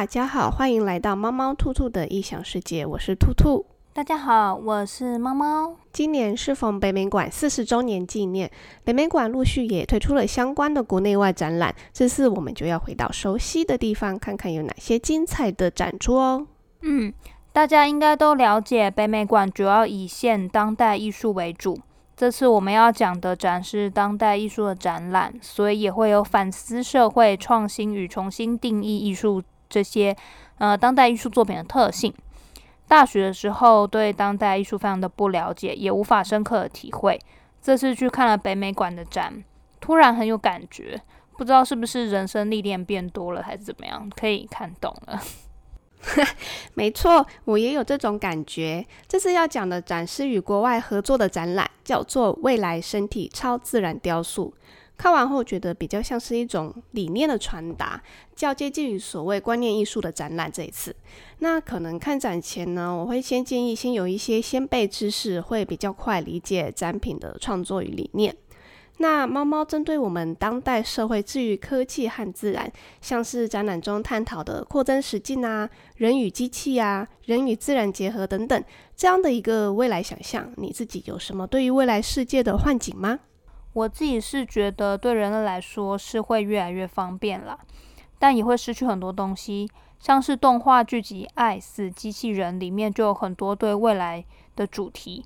大家好，歡迎來到貓貓兔兔的異想世界，我是兔兔。大家好，我是貓貓。今年適逢北美館四十周年紀念，北美館陸續也推出了相關的國內外展覽。這次我們就要回到熟悉的地方，看看有哪些精彩的展出哦。嗯，大家應該都了解北美館主要以現當代藝術為主。這次我們要講的展示當代藝術的展覽，所以也會有反思社會、創新與重新定義藝術。這些，呃，當代藝術作品的特性。大學的時候對當代藝術非常的不了解，也無法深刻的體會。這次去看了北美館的展，突然很有感覺。不知道是不是人生歷練變多了，還是怎麼樣，可以看懂了。呵呵，沒錯，我也有這種感覺。這次要講的展是與國外合作的展覽，叫做《未來身體:超自然雕塑》。看完後覺得比較像是一種理念的傳達，較接近於所謂觀念藝術的展覽。這一次，那可能看展前呢，我會先建議先有一些先備知識，會比較快理解展品的創作與理念。那貓貓針對我們當代社會，至於科技和自然，像是展覽中探討的擴增實境啊，人與機器啊，人與自然結合等等這樣的一個未來想象，你自己有什麼對於未來世界的幻景嗎？我自己是覺得，對人類來說是會越來越方便了，但也會失去很多東西。像是動畫劇集《愛死機器人》裡面就有很多對未來的主題，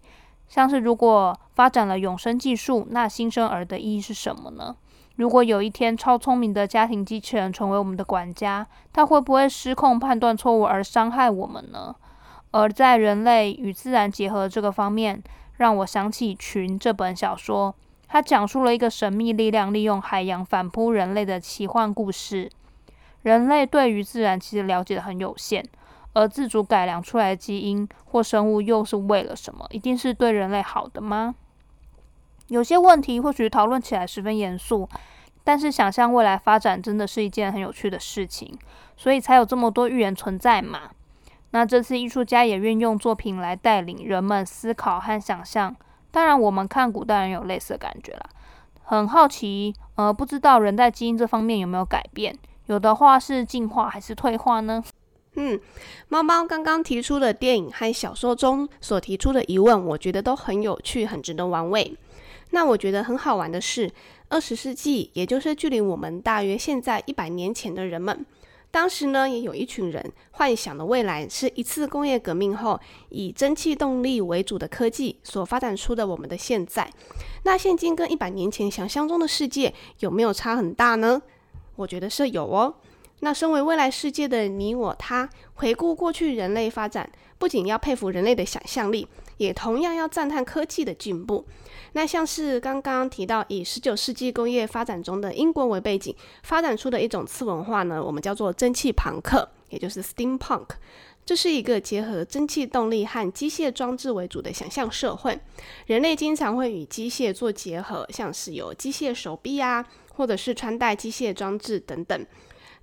像是如果發展了永生技術，那新生兒的意義是什麼呢？如果有一天超聰明的家庭機器人成為我們的管家，它會不會失控、判斷錯誤而傷害我們呢？而在人類與自然結合這個方面，讓我想起《群》這本小說。他講述了一個神秘力量利用海洋反撲人類的奇幻故事。人類對於自然其實了解得很有限，而自主改良出來的基因或生物又是為了什麼？一定是對人類好的嗎？有些問題或許討論起來十分嚴肅，但是想象未來發展真的是一件很有趣的事情，所以才有這麼多預言存在嘛。那這次藝術家也運用作品來帶領人們思考和想象。當然，我們看古代人有類似的感覺啦，很好奇，呃，不知道人在基因這方面有沒有改變？有的話是進化還是退化呢？嗯，貓貓剛剛提出的電影和小說中所提出的疑問，我覺得都很有趣，很值得玩味。那我覺得很好玩的是，二十世紀，也就是距離我們大約現在一百年前的人們。當時呢，也有一群人幻想的未來是一次工業革命後以蒸汽動力為主的科技所發展出的我們的現在。那現今跟一百年前想象中的世界有沒有差很大呢？我覺得是有哦。那身為未來世界的你我他，回顧過去人類發展，不僅要佩服人類的想象力。也同樣要讚嘆科技的進步。那像是剛剛提到以十九世紀工業發展中的英國為背景，發展出的一種次文化呢，我們叫做蒸汽龐克，也就是 Steampunk。這是一個結合蒸汽動力和機械裝置為主的想象社會。人類經常會與機械做結合，像是有機械手臂啊，或者是穿戴機械裝置等等。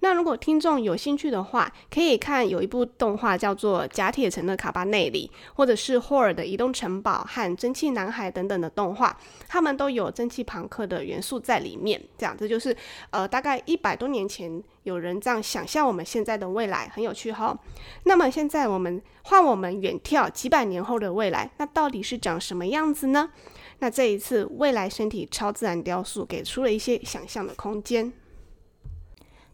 那如果聽眾有興趣的話，可以看有一部動畫叫做《甲鐵城的卡巴內里》，或者是霍爾的《移動城堡》和《蒸汽男孩》等等的動畫，他們都有蒸汽朋克的元素在裡面。這樣，這就是呃，大概一百多年前有人這樣想象我們現在的未來，很有趣哈、哦。那麼現在我們換我們遠眺幾百年後的未來，那到底是長什麼樣子呢？那這一次未來身體超自然雕塑給出了一些想象的空間。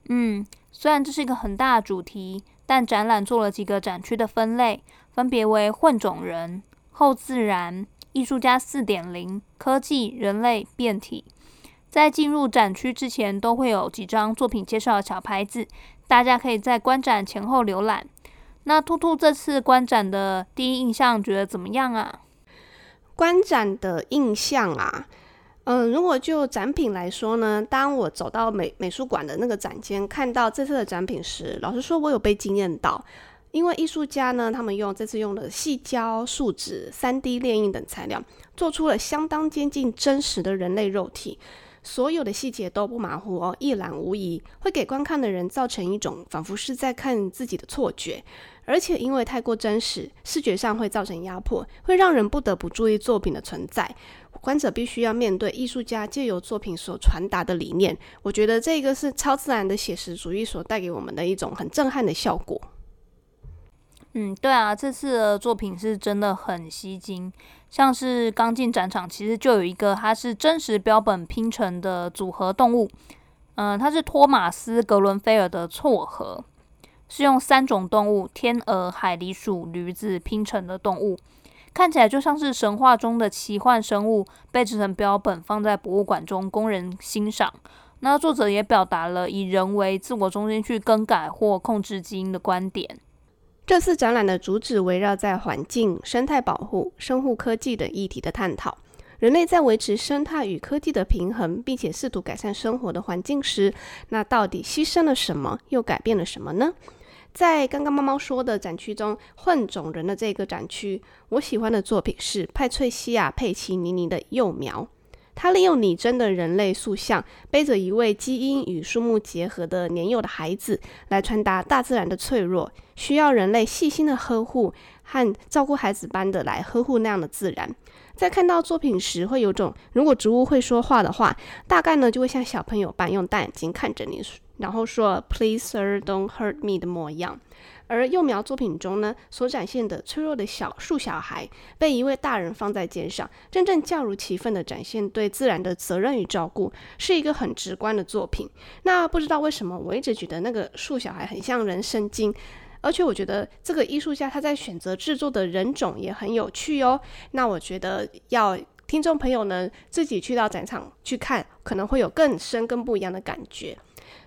嗯，雖然這是一個很大的主題，但展覽做了幾個展區的分類，分別為混種人、後自然、藝術家四點零、科技、人類變體。在進入展區之前，都會有幾張作品介紹的小牌子，大家可以在觀展前後瀏覽。那兔兔這次觀展的第一印象覺得怎麼樣啊？觀展的印象啊。嗯，如果就展品來說呢，當我走到美美術館的那個展間，看到這次的展品時，老實說，我有被驚艷到，因為藝術家呢，他們用這次用的矽膠、樹脂、3D 打印等材料，做出了相當接近真實的人類肉體。所有的細節都不馬虎哦，一覽無遺，會給觀看的人造成一種仿佛是在看自己的錯覺，而且因為太過真實，視覺上會造成壓迫，會讓人不得不注意作品的存在。觀者必須要面對藝術家借由作品所傳達的理念。我覺得這個是超自然的寫實主義所帶給我們的一種很震撼的效果。嗯，對啊，這次的作品是真的很吸睛。像是剛進展場，其實就有一個，它是真實標本拼成的組合動物。嗯、呃，它是托馬斯·格倫菲爾的錯合，是用三種動物——天鵝、海狸鼠、驢子拼成的動物，看起來就像是神話中的奇幻生物，被製成標本放在博物館中供人欣賞。那作者也表達了以人為自我中心去更改或控制基因的觀點。這次展覽的主旨圍繞在環境、生態保護、生物科技等議題的探討。人類在維持生態與科技的平衡，並且試圖改善生活的環境時，那到底犧牲了什麼？又改變了什麼呢？在剛剛貓貓說的展區中，混種人的這個展區，我喜歡的作品是派翠西亞·佩奇尼尼的幼苗。他利用擬真的人類塑像，背着一位基因與樹木結合的年幼的孩子，來傳達大自然的脆弱，需要人類細心的呵護和照顧孩子般的來呵護那樣的自然。在看到作品時，會有種如果植物會說話的話，大概呢就會像小朋友般用大眼睛看着你，然後說 “Please, sir, don't hurt me” 的模樣。而幼苗作品中呢，所展現的脆弱的小樹小孩被一位大人放在肩上，真正恰如其分的展現對自然的責任與照顧，是一個很直觀的作品。那不知道為什麼，我一直覺得那個樹小孩很像人參精，而且我覺得這個藝術家他在選擇制作的人種也很有趣哦。那我覺得要聽眾朋友呢，自己去到展場去看，可能會有更深、更不一樣的感覺。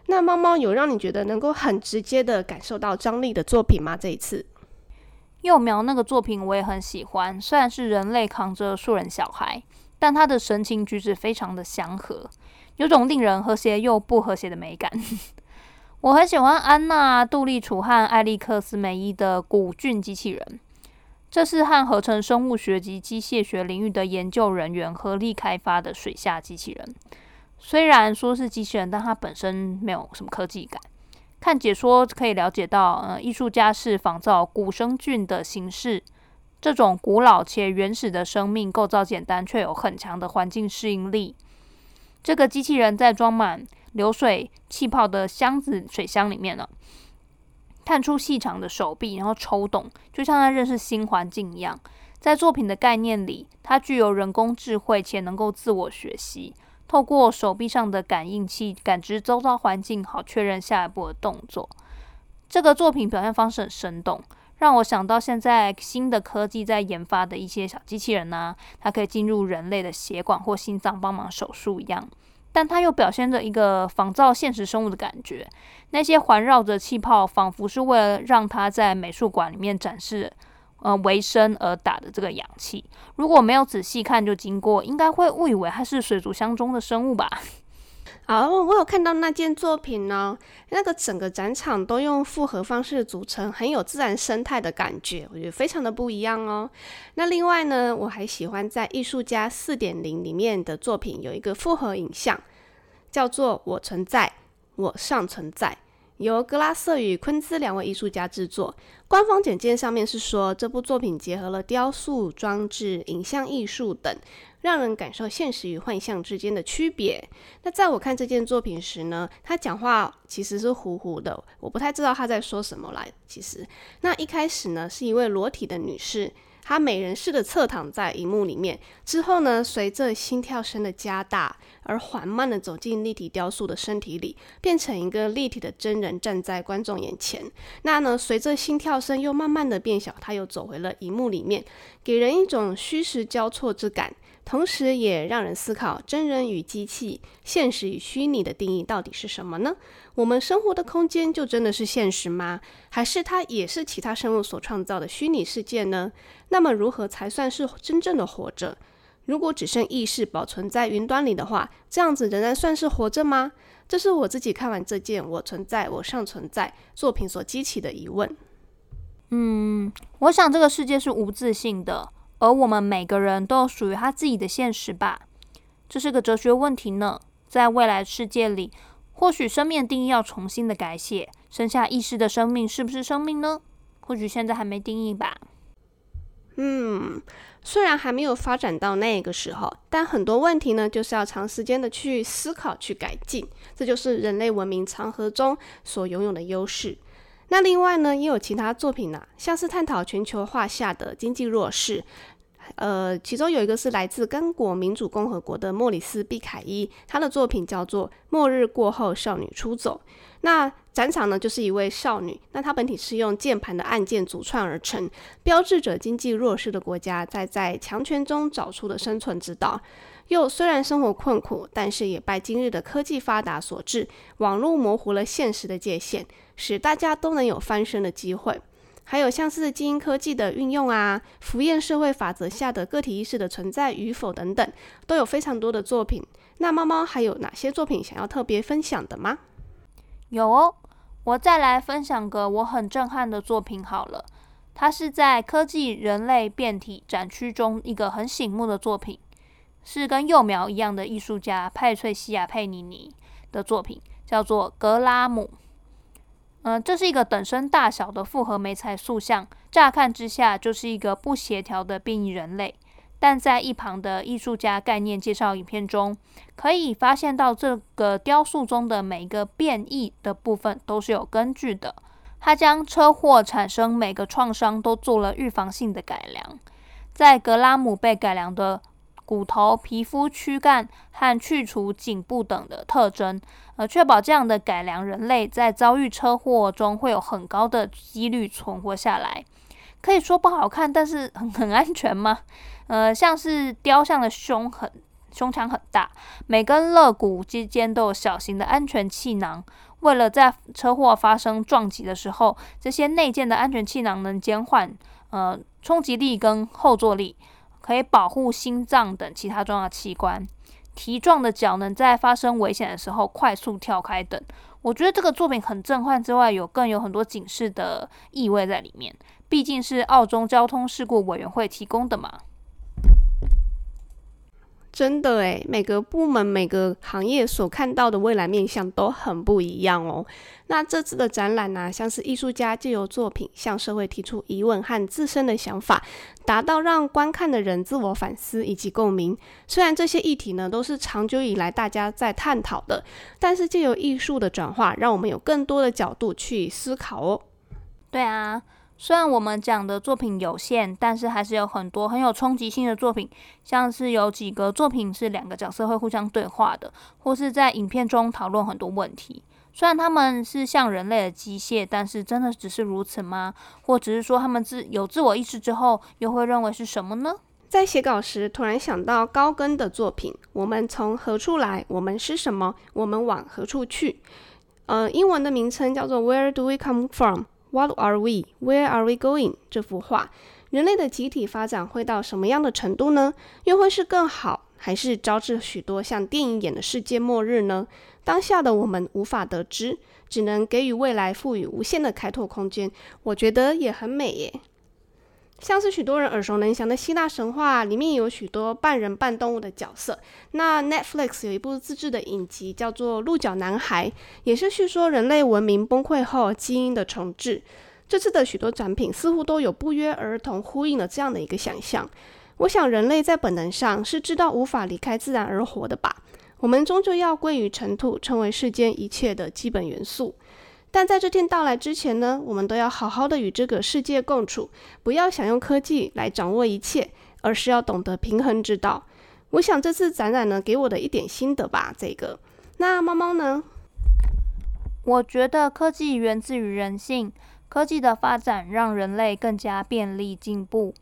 那貓貓有讓你覺得能夠很直接的感受到張力的作品嗎？這一次，幼苗那個作品我也很喜歡。雖然是人類扛着樹人小孩，但他的神情舉止非常的祥和，有種令人和諧又不和諧的美感。 我很喜歡安娜·杜麗楚和艾利克斯·梅伊的古菌機器人。這是和合成生物學及機械學領域的研究人員合力開發的水下機器人。雖然說是機器人，但它本身沒有什麼科技感。看解說可以了解到，呃，藝術家是仿造古生菌的形式。這種古老且原始的生命，構造簡單卻有很強的環境適應力。這個機器人在裝滿流水氣泡的箱子水箱裡面呢，探出細長的手臂，然後抽動，就像在認識新環境一樣。在作品的概念裡，它具有人工智慧且能夠自我學習。透過手臂上的感應器感知周遭環境，好確認下一步的動作。這個作品表現方式很生動，讓我想到現在新的科技在研發的一些小機器人呢、啊，它可以進入人類的血管或心臟幫忙手術一樣。但它又表現着一個仿造現實生物的感覺，那些環繞着氣泡，仿佛是為了讓它在美術館裡面展示。呃，維生而打的這個氧氣，如果沒有仔細看就經過，應該會誤以為它是水族箱中的生物吧？好，我有看到那件作品呢、哦，那個整個展場都用複合方式組成，很有自然生態的感覺，我覺得非常的不一樣哦。那另外呢，我還喜歡在藝術家四點零裡面的作品，有一個複合影像，叫做“我存在，我尚存在”。由格拉瑟與昆茲兩位藝術家製作。官方簡介上面是說，這部作品結合了雕塑、裝置、影像藝術等，讓人感受現實與幻象之間的區別。那在我看這件作品時呢，他講話其實是糊糊的，我不太知道他在說什麼來。其實，那一開始呢，是一位裸體的女士。他美人似的側躺在熒幕裡面，之後呢，隨着心跳聲的加大，而緩慢的走進立體雕塑的身體裡，變成一個立體的真人站在觀眾眼前。那呢，隨着心跳聲又慢慢的變小，他又走回了熒幕裡面，給人一種虛實交錯之感。同時也讓人思考，真人與機器、現實與虛擬的定義到底是什麼呢？我們生活的空間就真的是現實嗎？還是它也是其他生物所創造的虛擬世界呢？那麼如何才算是真正的活着？如果只剩意識保存在雲端裡的話，這樣子仍然算是活着嗎？這是我自己看完這件《我存在，我尚存在》作品所激起的疑問。嗯，我想這個世界是無自信的。而我們每個人都有屬於他自己的現實吧，這是個哲學問題呢。在未來世界裡，或許生命定義要重新的改寫，剩下意識的生命是不是生命呢？或許現在還沒定義吧。嗯，雖然還沒有發展到那個時候，但很多問題呢，就是要長時間的去思考、去改進。這就是人類文明長河中所擁有的優勢。那另外呢，也有其他作品呢，啊，像是探討全球化下的經濟弱勢，呃，其中有一個是來自剛果民主共和國的莫里斯畢凱伊，他的作品叫做《末日過後少女出走》。那展場呢，就是一位少女，那她本體是用鍵盤的按鍵組串而成，標誌着經濟弱勢的國家在在強權中找出的生存之道。又雖然生活困苦，但是也拜今日的科技發達所致。網絡模糊了現實的界限，使大家都能有翻身的機會。還有像是基因科技的運用啊、福宴社會法則下的個體意識的存在與否等等，都有非常多的作品。那貓貓還有哪些作品想要特別分享的嗎？有哦，我再來分享個我很震撼的作品好了。它是在科技人類變體展區中一個很醒目的作品。是跟幼苗一樣的藝術家派翠西亞佩尼尼的作品，叫做《格拉姆》。嗯、呃，這是一個等身大小的複合媒材塑像，乍看之下就是一個不協調的變異人類。但在一旁的藝術家概念介紹影片中，可以發現到這個雕塑中的每一個變異的部分都是有根據的。他將車禍產生每個創傷都做了預防性的改良，在格拉姆被改良的。骨頭、皮膚、軀幹和去除頸部等的特徵，呃，確保這樣的改良人類在遭遇車禍中會有很高的幾率存活下來。可以說不好看，但是很很安全嗎？呃，像是雕像的胸很胸腔很大，每根肋骨之間都有小型的安全氣囊，為了在車禍發生撞擊的時候，這些內建的安全氣囊能減緩呃衝擊力跟後坐力。可以保護心臟等其他重要器官，蹄狀的腳能在發生危險的時候快速跳開等。我覺得這個作品很震撼，之外，有更有很多警示的意味在裡面。畢竟是澳洲交通事故委員會提供的嘛。真的誒，每個部門、每個行業所看到的未來面向都很不一樣哦。那這次的展覽呢、啊，像是藝術家借由作品向社會提出疑問和自身的想法，達到讓觀看的人自我反思以及共鳴。雖然這些議題呢，都是長久以來大家在探討的，但是借由藝術的轉化，讓我們有更多的角度去思考哦。對啊。雖然我們講的作品有限，但是還是有很多很有衝擊性的作品，像是有幾個作品是兩個角色會互相對話的，或是在影片中討論很多問題。雖然他們是像人類的機械，但是真的只是如此嗎？或只是說他們自有自我意識之後，又會認為是什麼呢？在寫稿時突然想到高更的作品：我們從何處來？我們是什麼？我們往何處去？呃，英文的名稱叫做 Where do we come from？What are we? Where are we going? 這幅畫，人類的集體發展會到什麼樣的程度呢？又會是更好，還是招致許多像電影演的世界末日呢？當下的我們無法得知，只能給予未來賦予無限的開拓空間。我覺得也很美耶。像是許多人耳熟能詳的希臘神話，裡面有許多半人半動物的角色。那 Netflix 有一部自製的影集叫做《鹿角男孩》，也是敘說人類文明崩潰後基因的重置。這次的許多展品似乎都有不約而同呼應了這樣的一個想象。我想人類在本能上是知道無法離開自然而活的吧？我們終究要歸於塵土，成為世間一切的基本元素。但在這天到來之前呢，我們都要好好的與這個世界共處，不要想用科技來掌握一切，而是要懂得平衡之道。我想這次展覽呢，給我的一點心得吧。這個，那貓貓呢？我覺得科技源自於人性，科技的發展讓人類更加便利進步，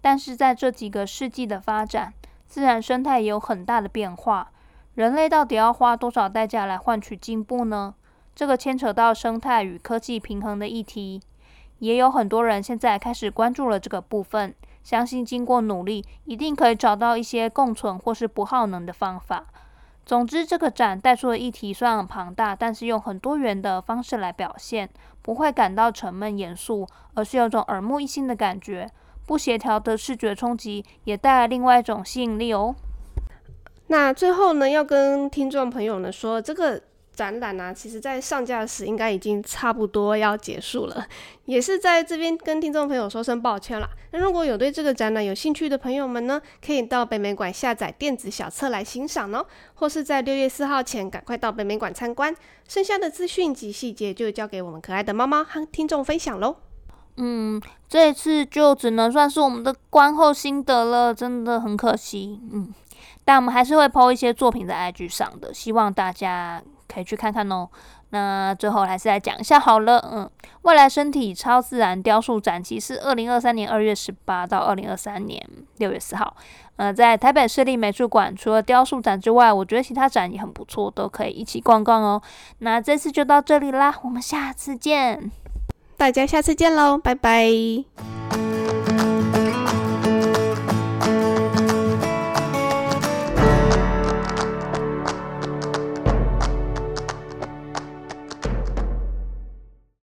但是在這幾個世紀的發展，自然生態有很大的變化，人類到底要花多少代價來換取進步呢？這個牽扯到生態與科技平衡的議題，也有很多人現在開始關注了這個部分。相信經過努力，一定可以找到一些共存或是不耗能的方法。總之，這個展帶出的議題雖然很龐大，但是用很多元的方式來表現，不會感到沉悶嚴肅，而是有種耳目一新的感覺。不協調的視覺衝擊也帶來另外一種吸引力哦。那最後呢，要跟聽眾朋友們說這個。展覽呢、啊，其實在上架時應該已經差不多要結束了，也是在這邊跟聽眾朋友說聲抱歉啦。那如果有對這個展覽有興趣的朋友們呢，可以到北美館下載電子小冊來欣賞哦，或是在六月四號前趕快到北美館參觀。剩下的資訊及細節就交給我們可愛的貓貓和聽眾分享嘍。嗯，這一次就只能算是我們的觀後心得了，真的很可惜。嗯，但我們還是會 PO 一些作品在 IG 上的，希望大家。可以去看看哦。那最後還是來講一下好了。嗯，未來身體超自然雕塑展，其實二零二三年二月十八到二零二三年六月四號，呃在台北市立美術館。除了雕塑展之外，我覺得其他展也很不錯，都可以一起逛逛哦。那這次就到這裡啦，我們下次見，大家下次見嘍，拜拜。